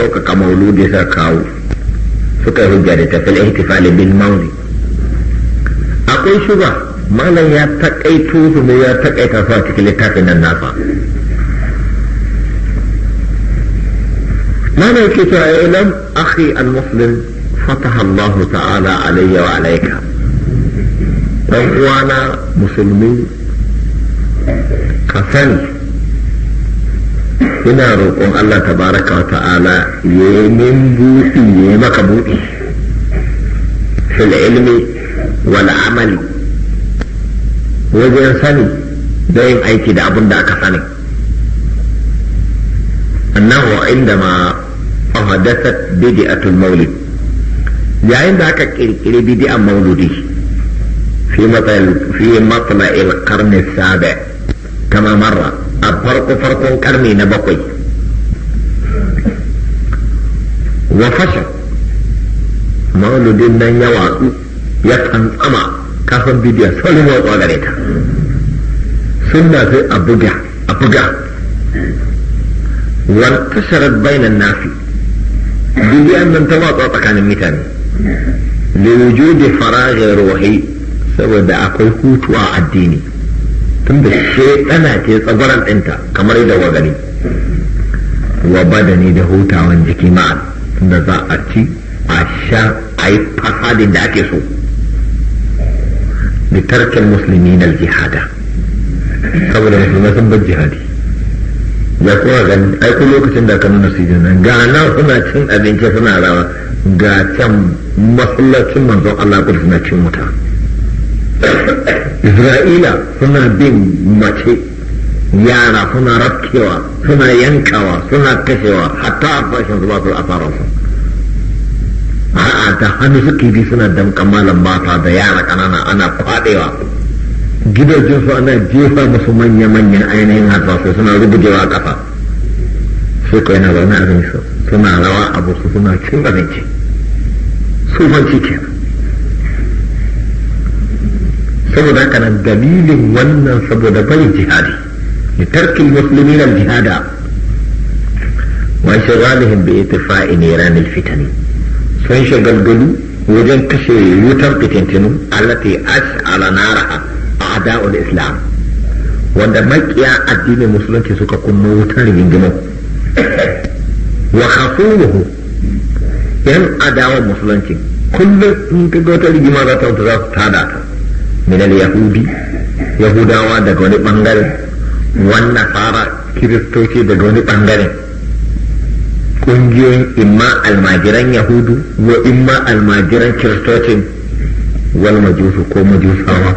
sauƙaƙa mauludi sa kawo suka hujja da tafil ihtifali mauli akwai shuba malam ya taƙaito su ne ya taƙaita su a cikin littafin nan nasa ماذا كنت اعلم اخي المسلم فتح الله تعالى علي وعليك وانا مسلمين كفن suna roƙon Allah tabaraka wa ta'ala ya yi min buɗi ya yi maka buɗi fil ilmi wal amali wajen sani da yin aiki da abin da aka sani annahu indama ahadathat bid'atul maulid yayin da aka kirkiri bid'an mauludi fi matsal karni sabe qarni kama marra a farko farkon karni na bakwai wa fashin mauludin nan ya watsu ya tsantsama kafin bidiyar saurin watsa gare ta sunna sai a buga a buga wantasharar bainan nafi bidiyar nan ta watsa tsakanin mutane da wujudi faraghin ruhi saboda akwai hutu a addini tun da shaidana ke tsagwaran ɗinta kamar yadda wa gani wa badani da hutawan jiki ma'a da za a ci a sha a yi fasadin da ake so da tarkin musulmi na jihada saboda musulmai sun bar jihadi ya kuma gani aiko lokacin da ka nuna su nan ga nan suna cin abinci suna rawa ga can masallacin manzon Allah kudu suna cin wuta isra'ila suna bin mace yara suna rafkewa suna yankawa suna kashewa hatta a fashin su ba su asararsu a'a ta hannu suke bi suna damkan malam mata da yara kanana ana kwadewa gidajen su ana jefa musu manya-manyan ainihin su suna rubujewa kafa su kai na zaune a suna rawa abu su suna cin abinci su fanci kenan saboda haka nan dalilin wannan saboda bai jihadi Ni tarkin muslimin al jihada wa shagalihim bi ittifa'i niran al fitani sun shagalgalu wajen kashe wutar fitintinu allati ash'ala naraha a'da'ul islam wanda maƙiya addinin musulunci suka kunno wutar rigingimau wa khasumuhu yan adawa musulunci kullum in kaga wata rigima za ta wuta za su tada ta min yahudi yahudawa daga wani bangare wannan fara kiristoci daga wani bangare kungiyoyin imma almajiran yahudu wa imma almajiran kiristocin wal majusu ko majusawa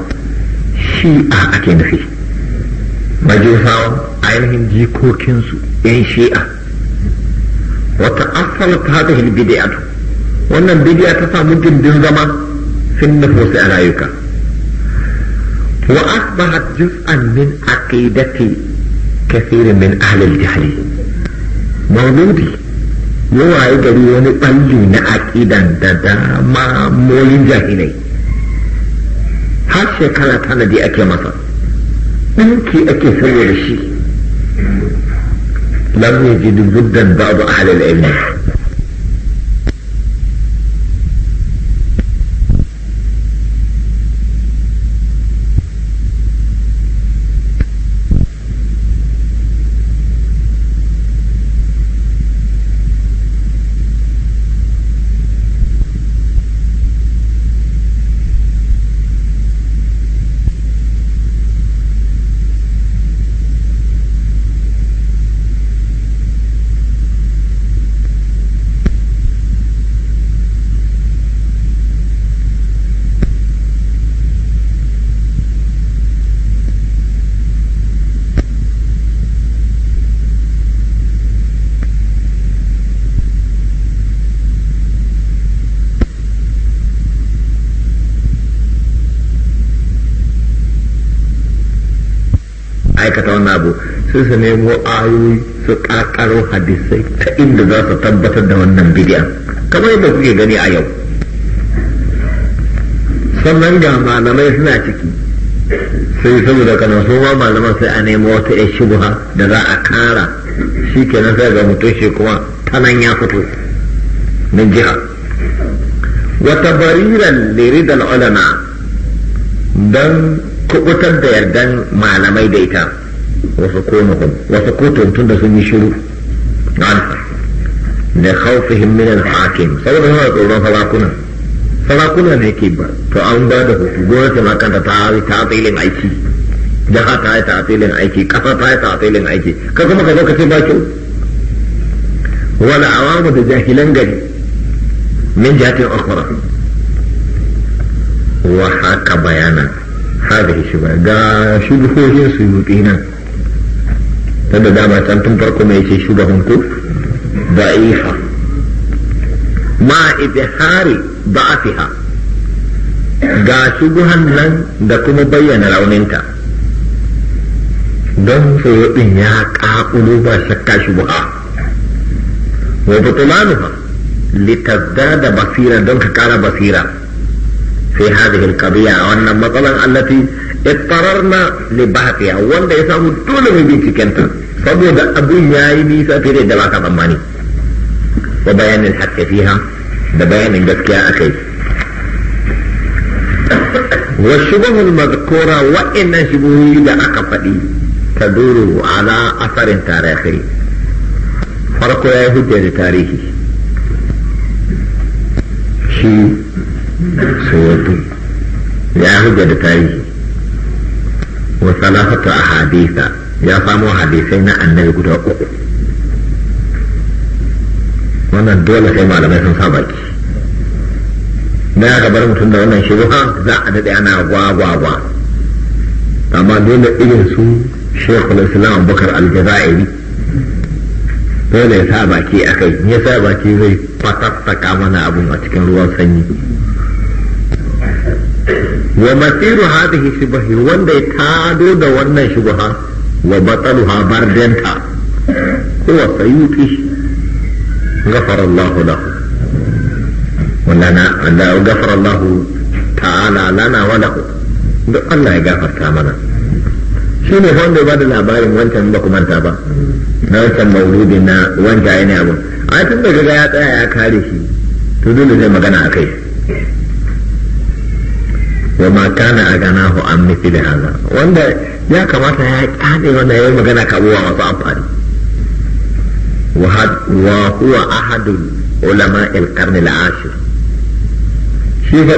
shi'a ake nufi majusawa ainihin jikokinsu yan shi'a wata asalata hadhihi bid'atu wannan bidi'a ta samu gindin zama sun nufosi a rayuka وأصبحت جزءا من عقيدة كثير من أهل الجهل مولودي يو أي دليل بلين عقيدا دادا ما مولين جاهيني هاشي كلا تندي أكي مصر منكي أكي سوير لم يجدوا جدا بعض أهل العلم aikata wannan abu sai su nemo ayoyi su ƙaƙaro hadisai ta inda za su tabbatar da wannan bidiya kamar yadda kuke gani a yau sannan ga malamai suna ciki sai saboda kana so ma malaman sai a nemo wata ya shubha da za a kara shi kenan sai ga mutum shi kuma tanan ya fito na jiha wata bariran liridal ulama don kubutar da yardan malamai da ita wasu konuhun wasu kotun tun da sun yi shiru da haufi min al-hakim saboda suna tsoron sarakuna sarakuna ne ke ba to an ba da hutu gona ma kanta ta yi ta'atilin aiki jaha ta yi ta'atilin aiki kasa ta yi ta'atilin aiki ka kuma ka zo ka ce ba kyau wala awamu da jahilan gari min jatin akwara wa haka bayanan shi ba ga yi suyuti nan tunda dama can tun farko mai ce shugaban ku da'ifa ma idhari da'afiha ga shubuhan nan da kuma bayyana rauninta don suyutin ya ƙaƙulu ba shakka shubha wa butulanuha da basira don ka kara basira في هذه القضية وأن مثلا التي اضطررنا لبحثها وأن يسامو طول من بيتي كنتا فبدا أبو ياي نيسا في رجل أماني وبيان الحق فيها بيان الجسكية أكيد والشبه المذكورة وإن شبهه لأقفلي تدور على أثر تاريخي فرق يهود تاريخي شيء ya da tarihi. سويته يا هجة تاريخ وثلاثة أحاديث hadisai na annabi guda uku. wannan dole sai malamai sun sa baki na ya gabar mutum da wannan shi shirka za a daɗe ana gwagwagwa amma dole irin su shekul islam bakar aljazairi dole ya sa baki a kai ya sa baki zai fatattaka mana abun a cikin ruwan sanyi wa masiru hadhihi shubhi wanda ta do da wannan shubha wa bataluha bardanta huwa sayyuti ghafara Allahu lahu ولنا أنه غفر ta'ala lana wa lahu duk Allah ya gafarta mana shi ne wanda ba da labarin wancan ba kuma ta ba na wancan mauludi na wanda yana abu a tun da ya tsaya ya kare shi to dole zai magana a kai wa ma kana hu an da haza wanda ya kamata ya kyade wanda ya magana kabuwa masu amfani wa huwa ahadul ulama shi ne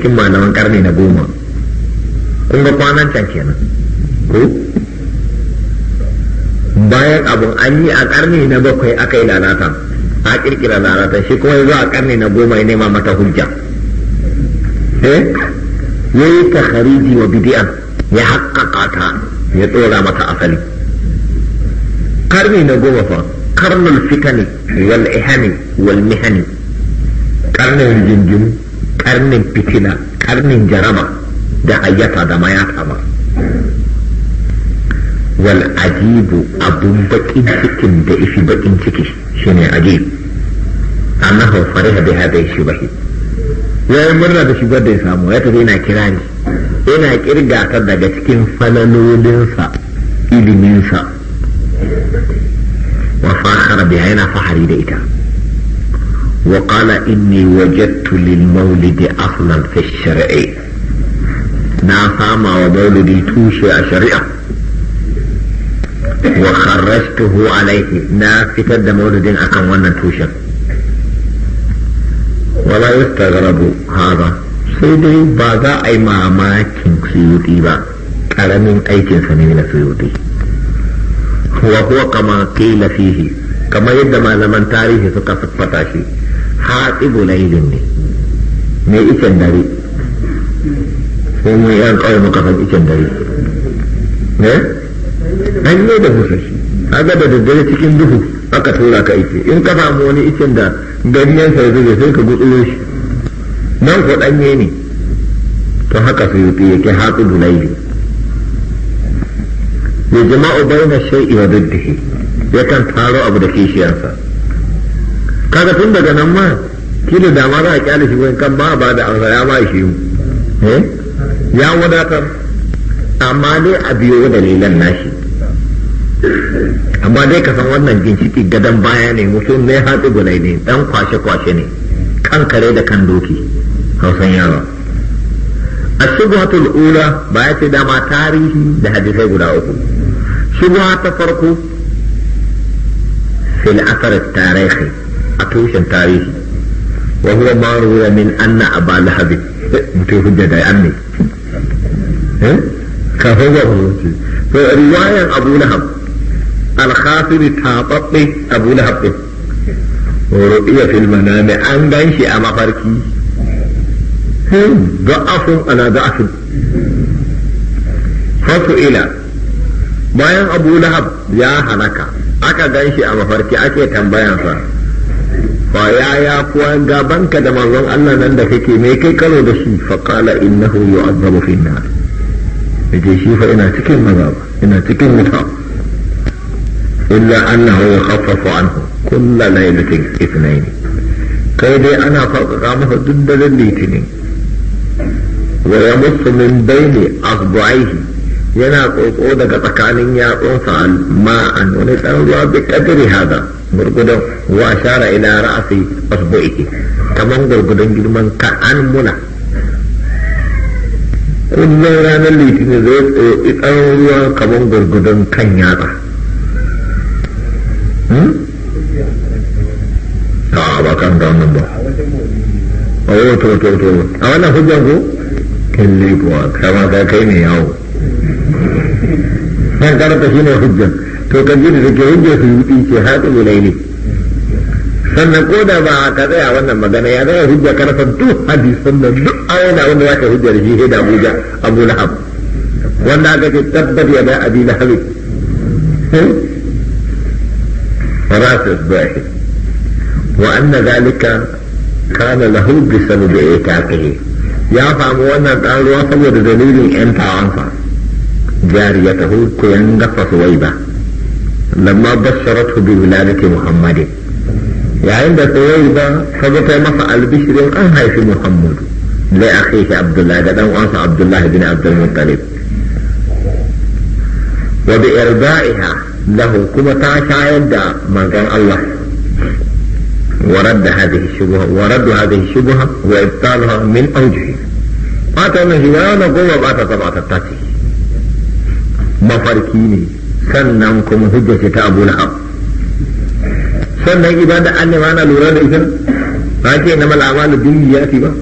kenan bayan abun an yi a karni na bakwai aka yi lalata a kirkira lalata shi kuma zuwa karni na goma ya nema mata hujja ya yi khariji wa bidi'a ya haƙaƙa ta ya tsora mata asali karni na goma fa karnul fitani wal ihani wal mihani karnin rigingimu karnin fitina karnin jaraba da ayyata da mayata ba wal ajibu abun bakin cikin da ishi bakin ciki shine ajib annahu fariha bi ba shubahi ya yi murna da shigar da ya samu ya tafi yana kira ni yana kirga ta daga cikin falalolinsa iliminsa wa fakhara biya yana fahari da ita wa qala inni wajadtu lil maulidi aslan fi shar'i na sama wa maulidi tushe a shari'a wa kharrajtuhu alayhi na fitar da maulidin akan wannan tushen wala yustaghrabu hada sai dai ba za a yi mamakin suyuti ba karamin aikin sa ne na suyuti wa huwa kama qila fihi kama yadda malaman tarihi suka fata shi hatibu laylin ne me ikin dare sai mu yan kawai muka san ikin dare ne an yi da musashi aga da dare cikin duhu aka tura ka ice in ka samu wani ikin da ganyen sa zai sai ka gutsulo shi nan ko danye ne to haka su yi yake haɗu dulaili ya jama'u bayna shay'i wa duddihi kan taro abu da kishiyarsa. kaga tun daga nan ma ki da ma za a kyale shi wani kan ba ba da amsa ya ma shi eh? ya wadatar amma dai a biyo dalilan nashi amma dai ka san wannan ginshiki gadon baya ne mutum mai haɗu gulai ne dan kwashe-kwashe ne kan kare da kan doki hausan yawa a shubhatul ula ba ya ce dama tarihi da hadisai guda uku shubha ta farko fil asar tarihi a tushen tarihi wa huwa ma ruwa min anna aba lahabi mutum hujja da yan ne eh? kafin ga hukunci to riwayan abu lahab alkhasiri tatsatse abu lahab din rubiya fil manami an gan shi a mafarki hmm, da'afun ala da'afun fasu ila bayan abu lahab ya halaka aka gan shi a mafarki ake tambayansa fa ya ya kuwa gabanka da manzon Allah nan da kake me kai karo da shi fa qala innahu yu'azzabu fi nar yace shi fa ina cikin azaba ina cikin wuta إلا أنه يخفف عنه كل ليلة اثنين كيف أنا فقامه ضد لليتني ويمص من بين أصبعيه yana tsotso daga tsakanin yatsunsa ma'an wani ɗan ruwa bi kadiri hada gurgudan wa ashara ila ra'asi asbu'iki kaman gurgudan girman ka muna kullum ranar litinin zai tsotsi ɗan ruwa kaman kan yatsa Hmm? a ah, ba kan da wannan ba a oh, wata wato wato a wannan hujjan ko kalle kuwa kama ka kai ne yawo nan karanta shi ne hujjan to kan ji da take hujjar su yi ce har tsibulai ne sannan ko da ba ka tsaya wannan magana ya zama hujja karfa duk hadisan da duk ayyana wanda za ka hujja da shi da abuja abu lahab wanda aka ce tabbat ya da abi lahab hmm? فراس اصبعه وان ذلك كان له بسبب ايتاقه يا فامو انا قال وصلوا بدليل انت عنفا جاريته كوين دفص لما بشرته بولادة محمد يا عند ويبا فقط مصع البشر قال في محمد لأخيه عبد الله قد أنصى عبد الله بن عبد المطلب وبإرضائها lahu kuma ta shayar da manzon Allah ورد هذه الشبهة ورد هذه الشبهة وإبطالها من أوجه قاتا نهيا نقوم بأتا طبعا تتاتي mafarki ne sannan kuma hujja ta abu lahab sannan ibada an ne mana lura da ita ba ce na mal'amalu bin ya fi ba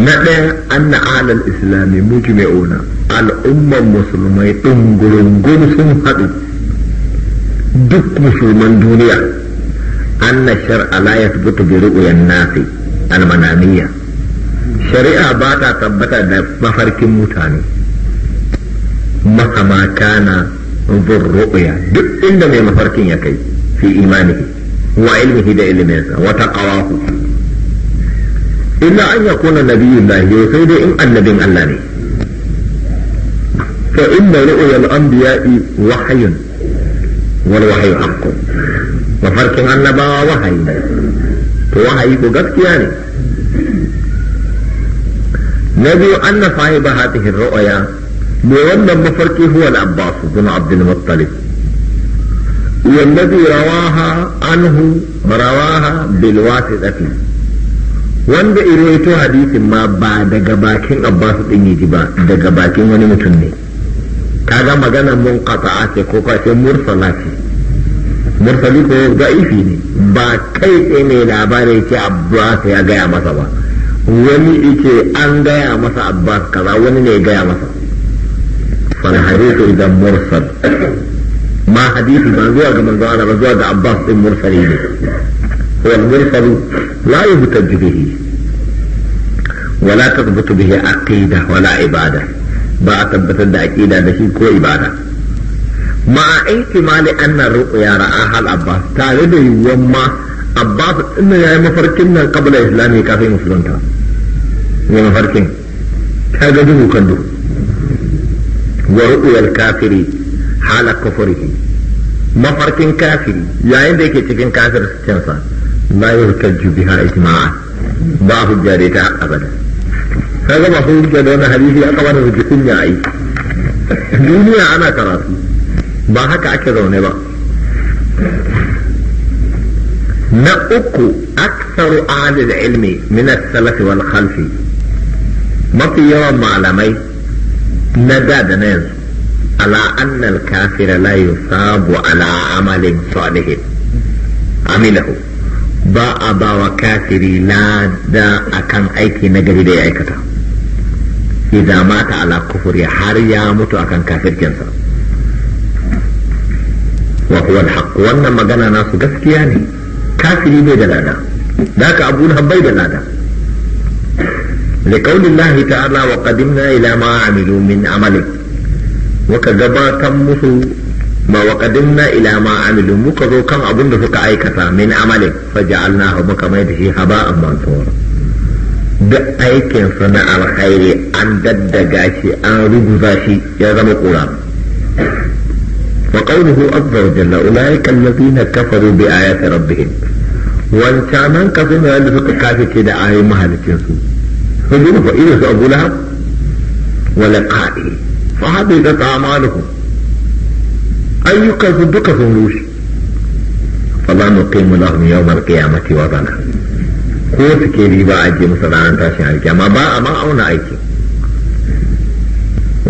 ɗaya an na mutu al'ummar musulmai ɗin gurungun sun haɗu duk musulman duniya an anna shar'a la yathbutu bi ru'yan nasi almanamiyya shari'a ba ta tabbata da mafarkin mutane mahama kana zurru'ya duk inda mai mafarkin ya kai fi imanihi wa ilmihi da ilminsa wa taqawahu illa an yakuna nabiyullahi sai dai in annabin Allah ne فإن رؤيا الأنبياء وحي والوحي حق mafarkin annabawa wahayi to wahayi ko gaskiya ne na biyu anna sahiba hadhihi ru'ya me wannan mafarki huwa al-abbas bin abd al-muttalib والذي رواها عنه رواها بالواسطة wanda iroito hadisin ma ba daga bakin Abbas din yaji ba daga bakin wani mutum ne kaga magana mun a ce ko ka ce mursala ce mursali ko da'ifi ne ba kai tsaye mai labarin ce abbas ya gaya masa ba wani ike an gaya masa abbas kaza wani ne gaya masa fal hadithu idan mursal ma hadisi ba zuwa ga manzo Allah ba zuwa ga abbas din mursali ne wal mursal la yuhtaju bihi ولا تثبت به عقيدة ولا ba a tabbatar da aqida da shi ko ibada ma aiki ma li anna ya ra'a hal abbas tare da yuwan ma abbas ya yi mafarkin nan qabla islami kafin musulunta ne mafarkin ta ga duhu kan duhu wa ruqyal kafiri hala kufrihi mafarkin kafiri yayin da yake cikin yi la yuhtaju biha ijma'a ba hujjare ta abada ka gama sun rike da wannan hadisi aka bada da ji kunya a yi duniya ana karatu ba haka ake zaune ba na uku aksaru alil ilmi min as-salaf wal khalfi mafi yawan malamai na da da na yanzu ala anna al-kafira la yusabu ala amalin salihin amilahu ba a ba wa kafiri lada akan aiki na gari da ya aikata siza ba ta ala kufura har ya mutu akan kafir cansa waku wani haƙƙu wani magana na su gaskiya ne kafiri ne da lada da ka abu da haba be lada. da kawun luhya hita ala waƙa dim na ila ma aminu min amale waka gama kan musu ma waƙa dim ila ma aminu mu kaɗo kan abun da suka aikata min amale fa ja al nahuma da shi haba amma an duk صنع sana'ar عن an daddaga shi an rubuta shi ya zama kura فقوله عز وجل أولئك الذين كفروا بآيات ربهم وانتعمان كفرنا أن في كافي كدا آي مهل تنسو فقالوا فإذا سأبو لها ولقائه فهذه تتعامانه أي كفر بكفر فالله نقيم لهم يوم القيامة وظنها ko suke riba a je musu ranar tashin alkiyama ba a ma auna aiki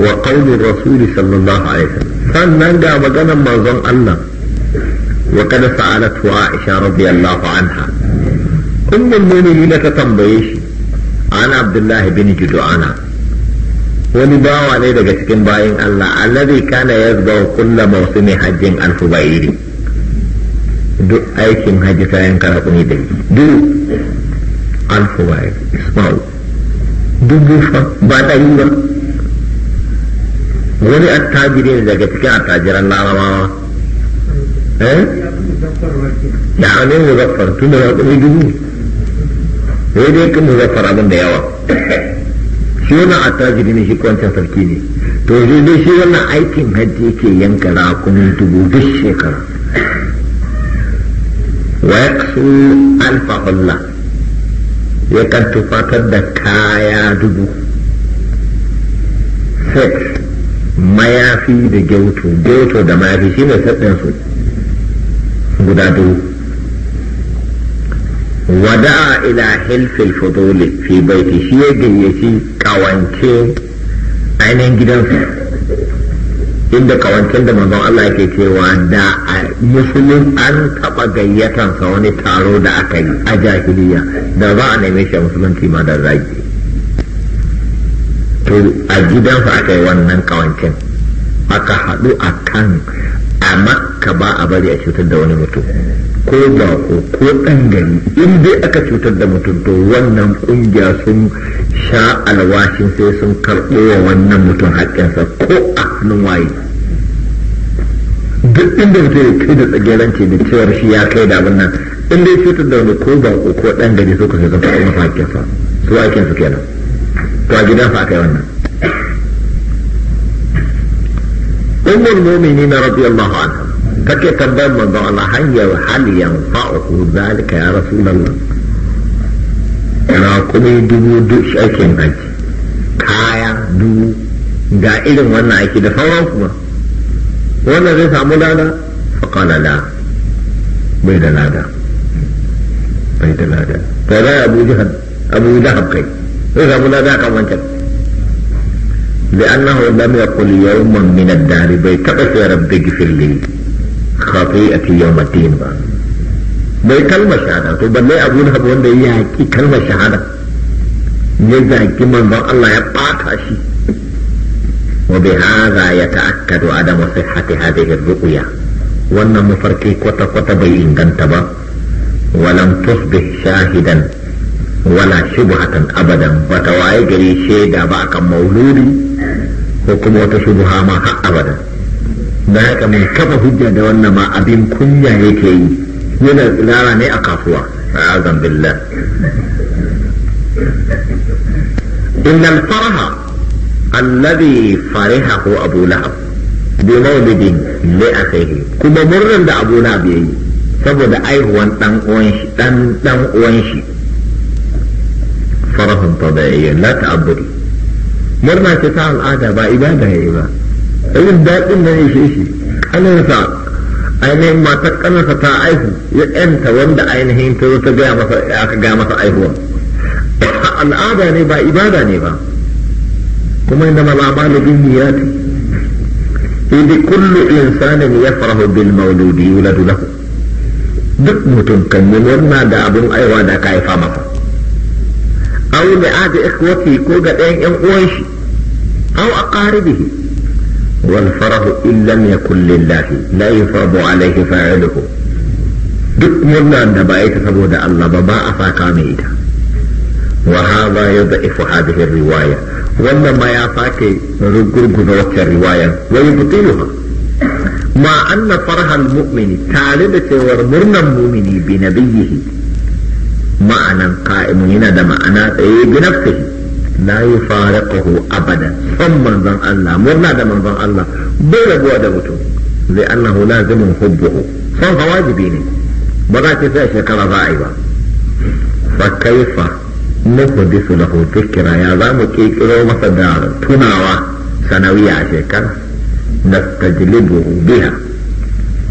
wa qawlu rasuli sallallahu alaihi wasallam sannan ga maganar manzon Allah wa kada sa'alatu Aisha radiyallahu anha ummul mu'minina ta tambaye shi ana Abdullah bin ana. wani bawa ne daga cikin bayan Allah allazi kana kulla kullu mawsimi hajjin alfu bayri duk aikin hajji kayan karatu ne da duk alfawai isma'u dubu fa ba ta yi ba wani attajiri ne daga cikin attajiran larabawa eh ya ne muzaffar tun da ya kuma dubu sai dai kan muzaffar abin da yawa shi wannan attajiri ne shi kwancin sarki ne to shi dai shi wannan aikin hajji yake yanka rakumin dubu duk shekara wa yaqsu alfa Allah yakan tufatar da kaya dubu sex mayafi da gyoto gyoto da mayafi shi ne set su guda dubu wada'a ila hilfil fuduli fi baiti shi ya gayyaci kawance ainihin gidansu inda kawancin da manzon Allah yake cewa da musulun an taɓa gayyatansa wani taro da aka yi a jahiliya da za a neme shi a musulunci ma da zaki to a gidansa aka yi wannan kawancin aka haɗu a kan a makka ba a bari a cutar da wani mutum ko ba ko ɗan gari in dai aka cutar da mutum to wannan ƙungiya sun sha alwashin sai sun karɓo wa wannan mutum haƙƙinsa ko a hannun waye duk inda mutum ya kai da tsagerance da cewar shi ya kai da abin nan in dai cutar da wani ko ba ko ɗan gari suka sai sun karɓo masa haƙƙinsa su haƙƙinsu kenan to a fa aka yi wannan ummul mu'minina na anha take tambayar manzon Allah hanyar hal yanfa'uhu zalika ya rasulullah ra kuma dubu duk aikin aiki kaya dubu ga irin wannan aiki da sauran kuma wannan zai samu lada faqala la bai da lada bai da lada ta abu jahab abu jahab kai zai samu lada لأنه لم يقل يوما من الدهر بيتبس يا رب اغفر لي خطيئة يوم الدين با بي كلمة شهادة بل لي أقول هب وانده يهكي كلمة شهادة يزاك من ذا الله يبقى شيء وبهذا يتأكد عدم صحة هذه الرؤية وأن مفركي كوتا كوتا بي إن ولم تصبح شاهدا wala shubhatan abadan ba ta waye gari shaida ba akan mauludi ko kuma wata shubha ma ha abadan Na haka mai kafa hujja da wannan ma abin kunya yake yi yana tsirara ne a kasuwa a faraha. billah إن الفرح الذي فرحه أبو لهب بمولد لأخيه كما مرن أبو لهب يي saboda aihuwan dan uwan dan dan uwan shi طرفا طبيعيا لا تعبدي مرة تفعل عادة بعبادة يا إمام إذن ده إن إيش إيش أنا نفعل ainihin matar kanarsa ta aihu ya yanta wanda ainihin ta zo ta gaya masa aka gaya masa aihuwa al'ada ne ba ibada ne ba kuma inda ma labalu bin niyat idi kullu insanin yafrahu bil mauludi yuladu lahu duk mutum kan yi murna da abun aiwa da ka haifa masa أو لأعد إخوته كودا إن إيه إخوانه أو أقاربه والفرح إن لم يكن لله لا يفرض عليه فاعله دك مرنا أن بأيت فبود الله بباء فاكاميدا وهذا يضعف هذه الرواية وما ما يفاكي رجل قدرك الرواية ويبطلها مع أن فرح المؤمن تعلمت ومرنا المؤمن بنبيه ma'anan qa'imun yana da ma'ana tsaye bi yi fara yufariquhu abada san manzon Allah murna da manzon Allah bai rabuwa da mutum zai annahu lazimun hubbuhu san fa wajibi ne ba za ki sai shekara za a yi ba fa kaifa da hoto kira ya za mu kirkiro masa da tunawa sanawiya a shekara nastajlibuhu biya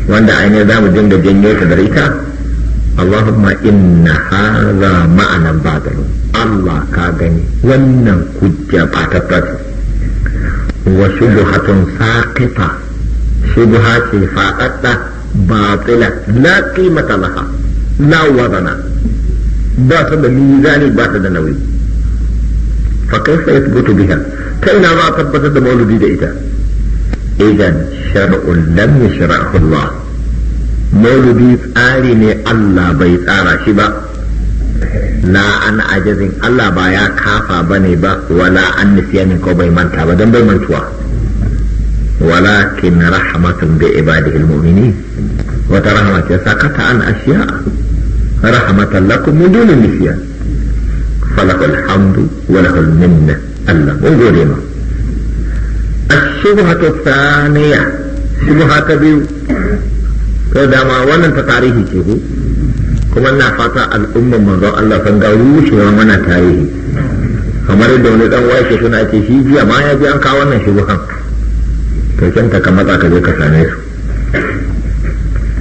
wanda ainihin za mu dinga janyo ta da ita اللهم إن هذا معنى بعده الله كادني ونن كجة بعد وشبهة ساقطة شبهة فاقطة باطلة لا قيمة لها لا وزن باطل الميزان باطل النووي فكيف يثبت بها كأن ما ثبتت مولودي إذا إذا شرع لم يشرعه الله maulidi tsari ne Allah bai tsara shi ba na an ajazin Allah ba ya kafa ba ne ba wala an nufiyanin ko bai manta ba don bai mantuwa walakin rahmatun bi ibadihi almu'minin wata rahama ce sakata an ashiya rahmatan lakum min duni nisyan falakul hamdu wa lakul minna Allah mun gode ma الشبهة الثانية شبهة biyu. to dama wannan ta tarihi ce ko kuma na fata al'umman manzo Allah kan ga rushewa mana tarihi kamar da wani dan wake suna ce shi jiya ma ya ji an kawo wannan shi kan to kin ta ka je ka same su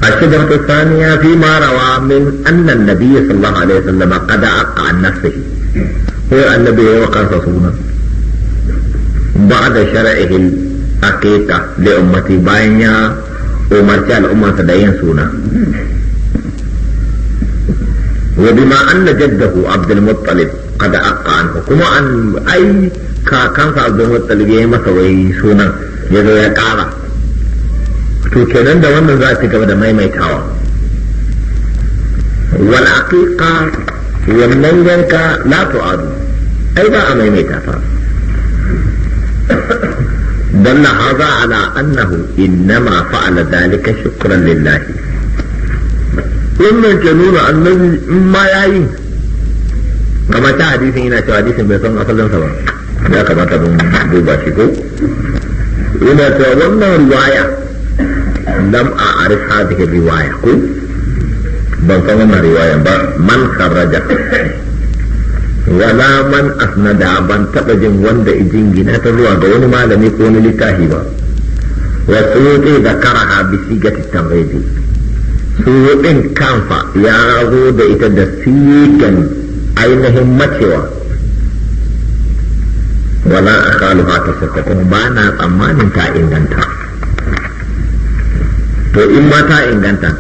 a ce da fi marawa min annan nabiyyi sallallahu alaihi wasallam qad aqa an nafsihi ko annabi ya waka sa sunan ba'da shara'ihi aqiqa li ummati bayan ya umarci al’ummarsa da yin suna. wa bima anna jaddahu abdul muttalib qad aqqa an kuma an ai kakan sa abdul muttalib yayi masa wai sunan ya zo ya kara to kenan da wannan za a ci gaba da maimaitawa wal aqiqa wannan yanka la tu'adu ai ba a maimaita fa فدل هذا على أنه إنما فعل ذلك شكرا لله wannan ke nuna annabi in ma ya yi gama ta hadisin yana cewa hadisin bai san asalinsa ba ya kamata mun duba shi ko yana cewa wannan riwaya lam a arif hadhihi riwaya ko ban san wannan riwaya ba man kharraja wala man asnada ban taba jin wanda ijin gina ta zuwa ga wani malami ko wani littafi ba wa bisi zakaraha bi sigati su suyutin kanfa ya zo da ita da sigan ainihin macewa wala akhaluha tasakkatu ba na tsammanin ta inganta to in ma ta inganta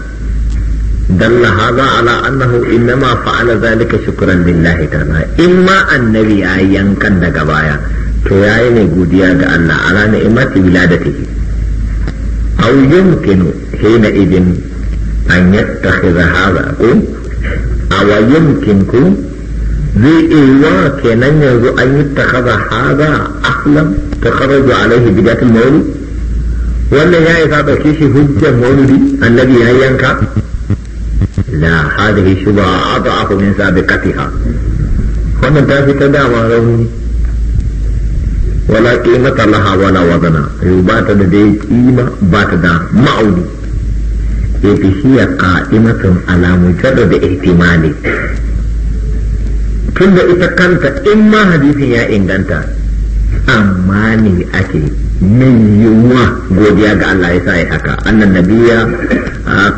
دل هذا على أنه إنما فعل ذلك شكرا لله تعالى إما النبي أيان كان دقبايا تياين قوديا الله على نعمة ولادته أو يمكن حينئذ أن يتخذ هذا أو يمكنكم ذي إيوا كان ينظر أن يتخذ هذا أحلم تخرج عليه بداية المولد ولا يا إذا بكيش هجة مولدي الذي ينكا da a هذه شبهة da من katiha wannan ta fi ta dama rauni wala qimata laha wala wazana ba ta da dai kima ba ta da ma'auni yafi hiya qa'imatun ala mujarrad ihtimali da ita kanta in ma hadisin ya inganta amma ne ake min yiwuwa godiya ga Allah ya sa ya haka annan nabiya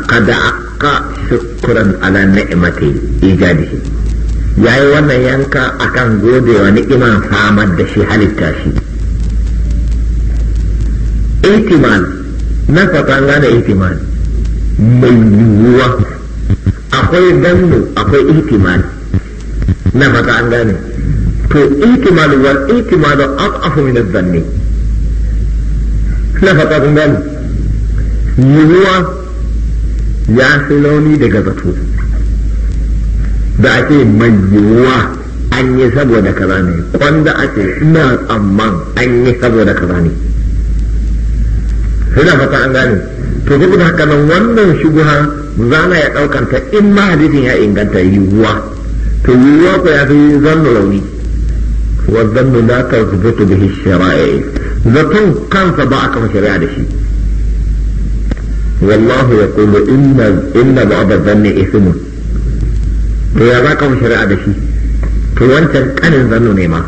kada aka shukuran ala na'imati ijadi yayi wannan yanka akan godewa ni'ima fama da halitta shi itiman na fatan gane itiman min akwai dangu akwai itiman na fatan gane to itiman wa itiman da aka afu minar zanni na fata gani yiwuwa ya fi launi daga zato da ake mai yiwuwa an yi saboda kaza ne kwanda ake ina tsamman an yi saboda kaza ne suna fata an gane to duk da haka nan wannan shubuha zana ya ɗaukanta in ma hadisin ya inganta yiwuwa to yiwuwa ko ya fi zannu rauni wa zannu la tazbutu bihi shara'i zaton kansa ba aka shari'a da shi wallahu ya kuma inda ba a zanne ismu to ya za ka shari'a da shi to wancan kanin zanno ne ma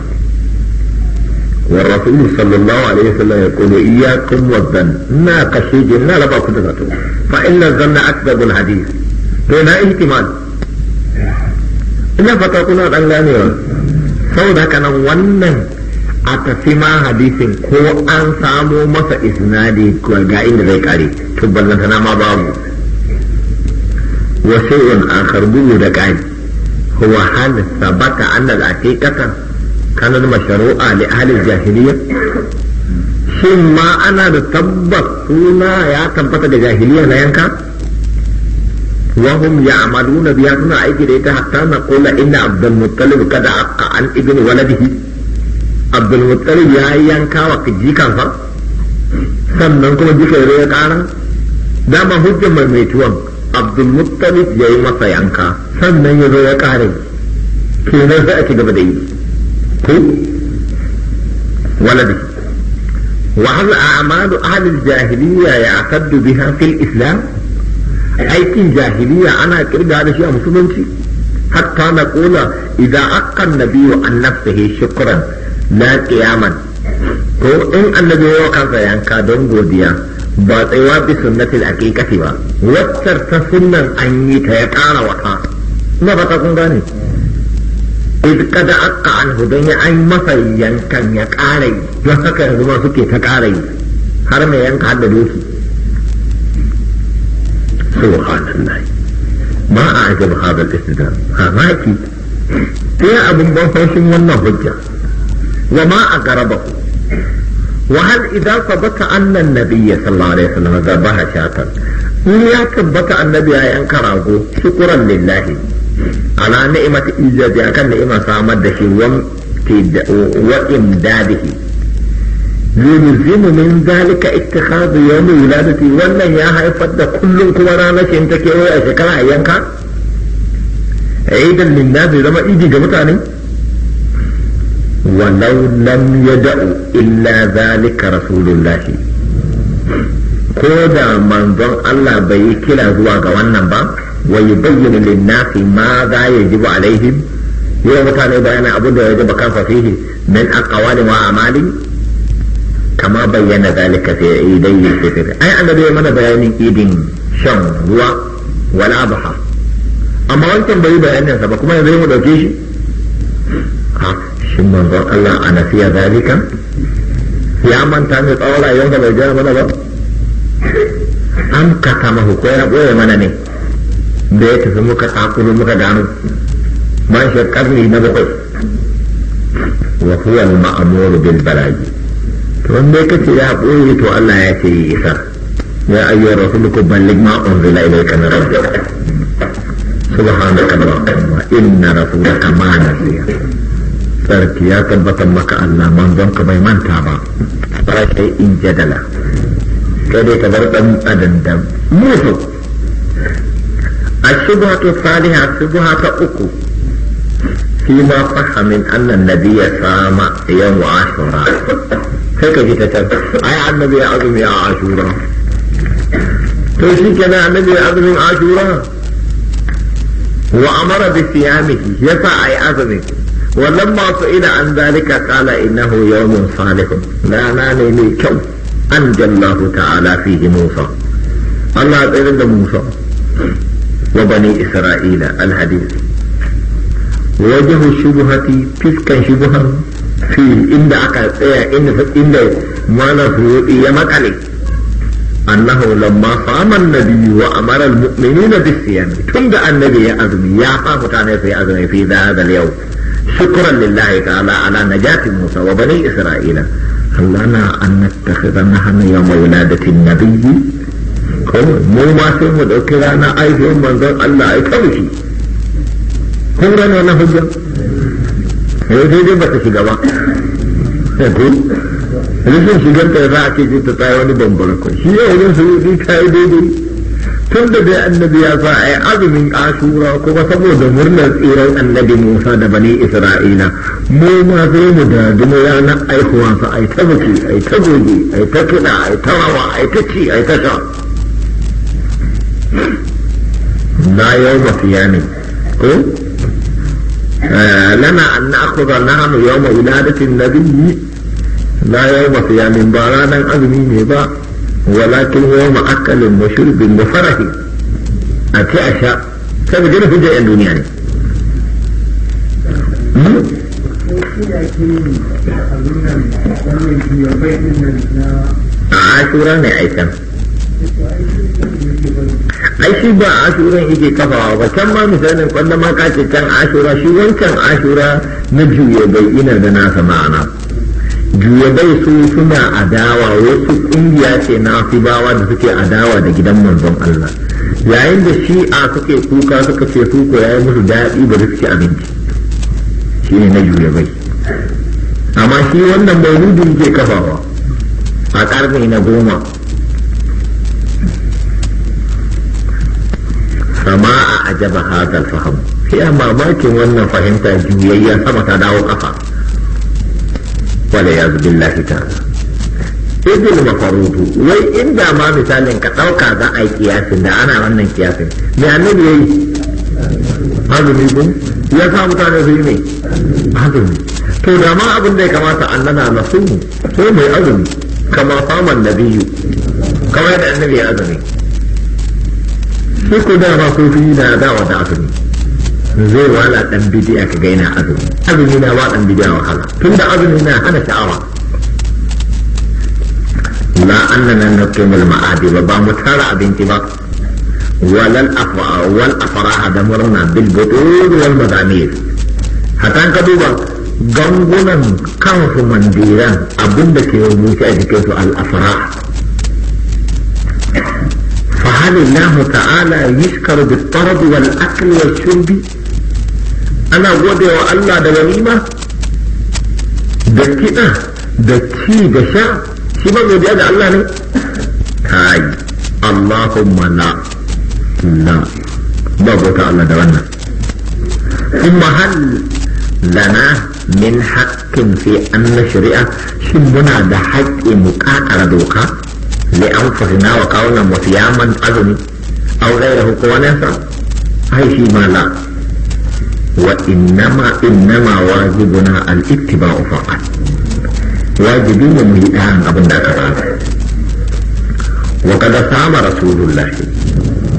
والرسول صلى الله عليه وسلم يقول إياكم والظن ما قشيد لا لبا كدرته فإن الظن أكذب الحديث دون احتمال إلا فتقول أن لا نرى سودا كان ونن a tafi ma hadisin ko an samo masa isnadi ga inda zai kare to ballantana ma babu wasu yin akhar bugu da kai huwa hal sabaka annal aqiqatan kana masharu'a li ahli jahiliya. shin ma ana da tabbas suna ya tabbata da jahiliya na yanka وهم يعملون بها suna aiki da ita hatta na kula inna abdul muttalib kada aqqa an ibn waladihi abdulmuttalib ya yi yanka wa jikansa sannan kuma jikin ya ƙara dama hujjar mai mai tuwon abdulmuttalib ya yi masa yanka sannan ya zo ya ƙare kenan sai a ci gaba da yi ko waladi وهل أعمال أهل الجاهلية يعتد بها في الإسلام؟ aikin jahiliya ana kirga da shi a musulunci hatta na kula idan akan nabiyu an nafsihi shukran na qiyaman ko in annabi ya kansa yanka don godiya ba tsayuwa bi al aqiqati ba wattar ta sunnan an yi ta ya kara wata ina ta kun gane id kada akka an hudun ya an masa yankan ya kara yi don haka yanzu ma suke ta kara yi har mai yanka har da doki subhanallah ma a ajab hadal istidlal maki ya abin ban haushin wannan hujja وما أقربه وهل إذا ثبت أن النبي صلى الله عليه وسلم ذبح شاة إن يا ثبت النبي أنكره شكرا لله على نعمة إيجاد كان نعمة سامده وإمداده يلزم من ذلك اتخاذ يوم ولادتي ولا يا هيفد كل كما انا شنتك يا شكرا ينكا عيدا للناس لما ايدي جمتاني ولو لم يدعوا إلا ذلك رسول الله كودا منظر الله بيكلا زوا غوانا با ويبين للناس ماذا يجب عليهم يوم كان بيان أبو يجب كان فيه من أقوال وأعمال كما بين ذلك في إيدي الفطر أي أن من بيان إيد شم هو ولا ضحى أما أنتم بيان سبا كما يبين ودوكيشي shin manzon Allah a nasiya zalika ya manta mai tsawon rayuwar da bai jira mana ba an kata mahu ko ya ɓoye mana ne da ya tafi muka tsakulu muka gano man shi karni na bakwai wa huwa al-ma'mur bil balaji to wanda kace ya ɓoye to Allah ya ce isa يا أيها الرسول بلغ ما أنزل إليك من ربك سبحانك اللهم إن رسولك ما نسي sarki يا tabbatar maka Allah manzon ka bai manta ba ba kai in jadala sai dai ka الشبهة الثالثة الشبهة أكو فيما صح من أن النبي صام يوم عاشوراء هيك جيت أي عن النبي عظم يا عاشوراء توشيك أنا النبي عظم عاشوراء وأمر بصيامه يسعى أي عظمه wannan masu ina an zalika kala innahu yawmun salihun rana ne mai kyau an jallahu ta'ala fihi musa Allah tsere da musa wa isra'ila alhadisi wajahu shubuhati fiskan shubuhan fi inda aka tsaya inda inda mana zuwi ya makale annahu lamma fama annabi wa amara almu'minina bisiyan tunda annabi ya azumi ya fa mutane sai azumi fi da hadal yau شكرا لله تعالى على نجاة موسى وبني إسرائيل هل أن نتخذ يوم ولادة النبي rana aihuwar manzon Allah ya kawo shi kun gane wannan hujja yau daidai ba za ce ta wani tun da dai annabi ya sa a yi azumin ashura kuma saboda murnar tsirar annabi musa da bani isra'ila mu ma zai mu da dumo na aihuwa sa a yi ta buki a yi ta goge a yi ta kiɗa a yi ta rawa a yi ta ci a yi ta sha na yau fiya ne ko eh, lana an na akwada na hannu yau ma wiladatin nabi na yau mafiya ne ba ranar azumi ne ba walakin huwa ma'akalin wa shurbin wa farahi a ce a sha saboda na hujjar yan duniya ne a ashura ne aikan ai shi ba ashuran yake kafawa ba can ma misalin kwallon ma kace ashura shi wancan ashura na juya bai ina da nasa ma'ana juyabai su suna adawa wasu kungiya ce na afibawa da suke adawa da gidan manzon Allah yayin da shi'a suke kuka suka ce su ko yayi musu daɗi ba da suke abinci shi ne na juya bai amma shi wannan mauludin ke kafawa a ƙarni na goma sama a ajaba faham sai a mamakin wannan fahimta juyayya sama ta dawo kafa wala ya zubi lahi ta'ala ibn mafarudu wai inda ma misalin ka ɗauka za a yi kiyasin da ana wannan kiyasin me annabi yayi azumi kun ya sa mutane su yi ne azumi to da ma abin da ya kamata annana na su ko mai azumi kama faman nabiyu kamar da annabi ya azumi su ko da ma kofi na dawa da azumi zai wala dan bidiya ka gaina azumi azumi na wa dan bidiya wahala tunda azumi na hana sha'awa la annana naqimul ma'adi wa ba mu tara abinci ba walal afwa wal afraha da murna bil butul wal madamir hatan ka duba gangunan kansu mandiran abinda ke rubuce a jikinsu al-afra فهل الله تعالى يشكر بالطرد والأكل والشرب ana gode wa Allah da ganima da kiɗa da ci da sha shi ba godiya da Allah ne kai Allahumma la la ba bauta Allah da wannan kuma hal lana min haƙƙin fi an na shari'a shi muna da haƙƙi mu ƙaƙara doka li an fasina wa kawunan wasu yaman azumi au gairahu ko wani sa ai shi ma la وإنما إنما واجبنا الاتباع فقط واجبين ملئان أبن ذاك وقد سام رسول الله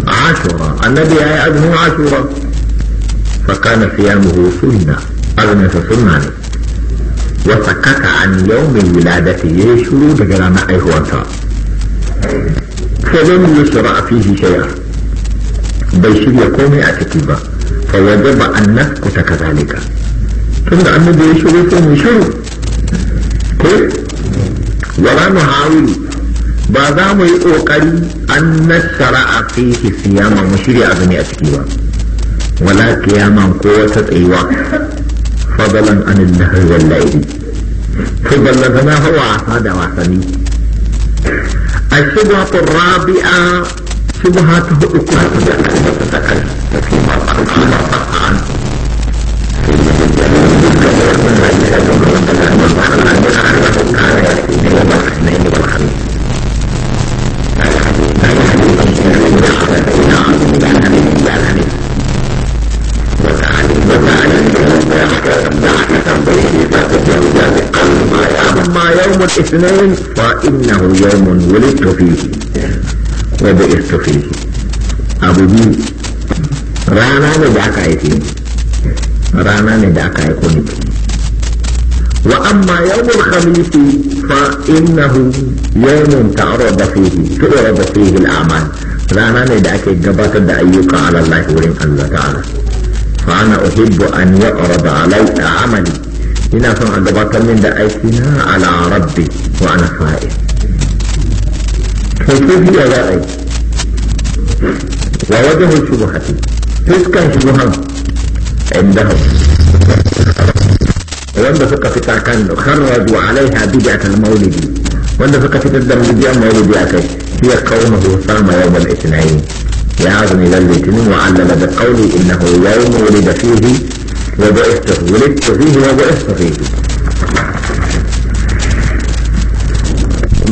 عاشورا الذي أي أبنه عاشورا فكان صيامه سنة أغنى سنة وسكت عن يوم ولادته يشرو دجلان أيهوانسا فلم يشرع فيه شيئا بيشير يقومي أتكيبا fa wajaba an naskuta kazalika tunda annabi ya shiru ko mu shiru ko wala mu hawilu ba za mu yi ƙoƙari an nasara a fihi ma mu shirya a azumi a ciki ba wala kiyaman ko wata tsayuwa fadalan anil nahri wal laili to ballagana hawa da wasanni الشبهة Rabi'a. شبهة أما يوم الاثنين فإنه يوم ولدت فيه wa da istafihi abu biyu rana ne da aka yi ni rana ne da aka yi ni wa amma yawmul khamisi fa innahu yawmun ta'rada fihi tu'rada fihi al-a'mal rana ne da ake gabatar da ayyuka ala Allah wurin Allah ta'ala fa ana uhibbu an yu'rada alayya amali ina son a gabatar min da aiki na ala rabbi wa ana fa'il فكيف يدعي ووجه الشبهة تسكن شبهة عندهم wanda suka fita kan kharraju alaiha bid'atul maulidi wanda suka fitar da bid'atul maulidi akai hiya kaunuhu sama yawm al-ithnain ya azmi lal litinin wa allala bi qawli innahu yawm wulida fihi wa bu'ithtu wulidtu fihi wa bu'ithtu fihi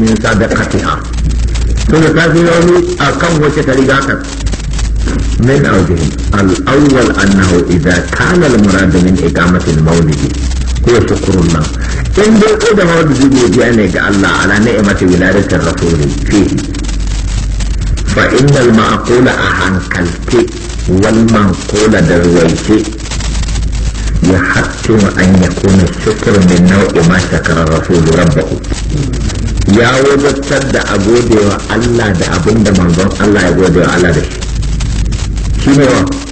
min sadaqatiha to da ka fi a kan wace ta riga ka min aujihim al'awwal annahu idza kana al-murad min iqamati al-mawlidi huwa shukrun nan in dai ko da mawlidi godiya ne ga Allah ala ni'mati wiladatir rasuli fi fa innal ma'qula a hankalke wal manqula da ruwaice يحتم أن يكون الشكر min نوع ma شكر الرسول ربه ya wajabtar da a godewa Allah da abin da manzon Allah ya godewa Allah da shi shi ne wa